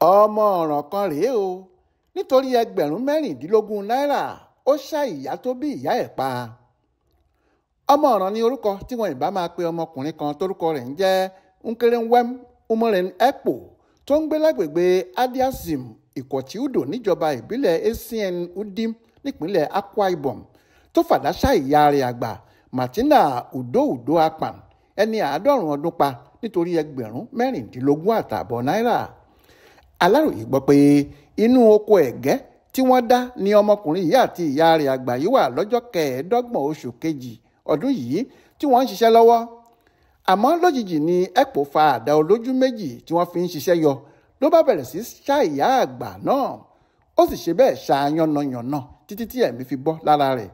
ọmọ ọ̀ràn kan rèé o nítorí ẹgbẹ̀rún mẹ́rìndínlógún náírà ó ṣá ìyá tó bí ìyá ẹ̀ pa ọmọ ọ̀ràn ni orúkọ tí wọn ìbá máa pe ọmọkùnrin kan tórúkọ rẹ̀ ń jẹ́ Nkerenwem Umoren epo tó ń gbé lágbègbè Adiasim Ìkọ̀tí Udo níjọba ìbílẹ̀ Esien Udim nípínlẹ̀ Akwa Ibom tó fàdá ṣá ìyá rẹ̀ àgbà Martina Udo Udo apan ẹni àádọ́rùn-ún ọdún pa nítorí ẹgbẹ̀rún mẹ́rìndínlógún àtààbọ̀ náírà aláròye gbọ́ pé inú oko ẹ̀gẹ́ tí wọ́n dá ni ọmọkùnrin yìí àti ìyá rẹ̀ àgbà yìí wà lọ́jọ́ kẹẹ̀ẹ́dọ́gbọ̀n oṣù kejì ọdún yìí tí wọ́n ń ṣiṣẹ́ lọ́wọ́ àmọ́ lójijì ni ẹ̀pọ̀ fa àdá olójú méjì tí wọ́n fi ń ṣiṣẹ́ yọ ló bá bẹ̀rẹ̀ sí ṣá ìyá àgbà náà ó sì ṣe bẹ́ẹ̀ ṣá yánnayànna títí tí ẹ̀mí fi bọ́ lára rẹ̀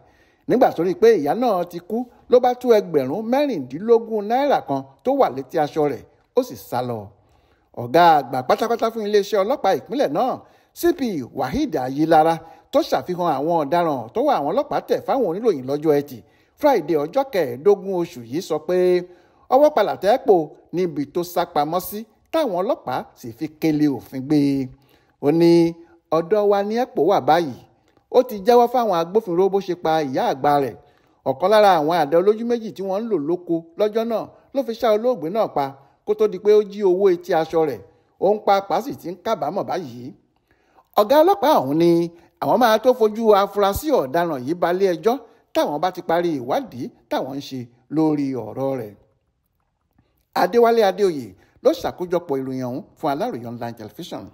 nígbà tó rí i pé ìyá náà ti kú ló bá tú ẹgbẹ̀rún mẹ́rìndínlógún náírà kan tó wà létí aṣọ rẹ̀ ó sì sá lọ ọ̀gá àgbà pátápátá fún iléeṣẹ́ ọlọ́pàá ìpínlẹ̀ náà cp waheed ayilara tó ṣàfihàn àwọn ọ̀daràn tó wà àwọn ọlọ́pàá tẹ̀ fáwọn oníròyìn lọ́jọ́ ẹtì friday ọjọ́ kẹẹ̀ẹ́dógún oṣù yìí sọ pé ọwọ́ palàtẹ́pọ̀ níbi tó sá pamọ́ sí táwọn ọlọ́pàá sì fi kele òfin gbé e ó ní ọ̀dọ̀ wa ní ẹ̀pọ̀ wà báyìí ó ti jẹ́wọ́ fáwọn agbófinró bó ṣe pa ìyá àgbà rẹ̀ ọ̀kan lára àwọn àdá olójú méjì tí wọ́n ń lò lóko lọ́jọ́ náà ló fi ṣá olóògbé náà pa kó tó di pé ó jí owó etí aṣọ rẹ̀ òun pàápàá sì ti ń kábàámọ̀ báyìí ọ̀gá ọlọ́pàá ọ̀hún ni àwọn máa tó fojú afurasí ọ̀daràn yìí balé ẹjọ́ táwọn bá ti parí ìwádìí táwọn ń ṣe lórí ọ̀rọ̀ rẹ̀ adéwálé adéoyè ló ṣàkójọpọ̀ ìròyìn ọ̀hún fún aláròyìn online television.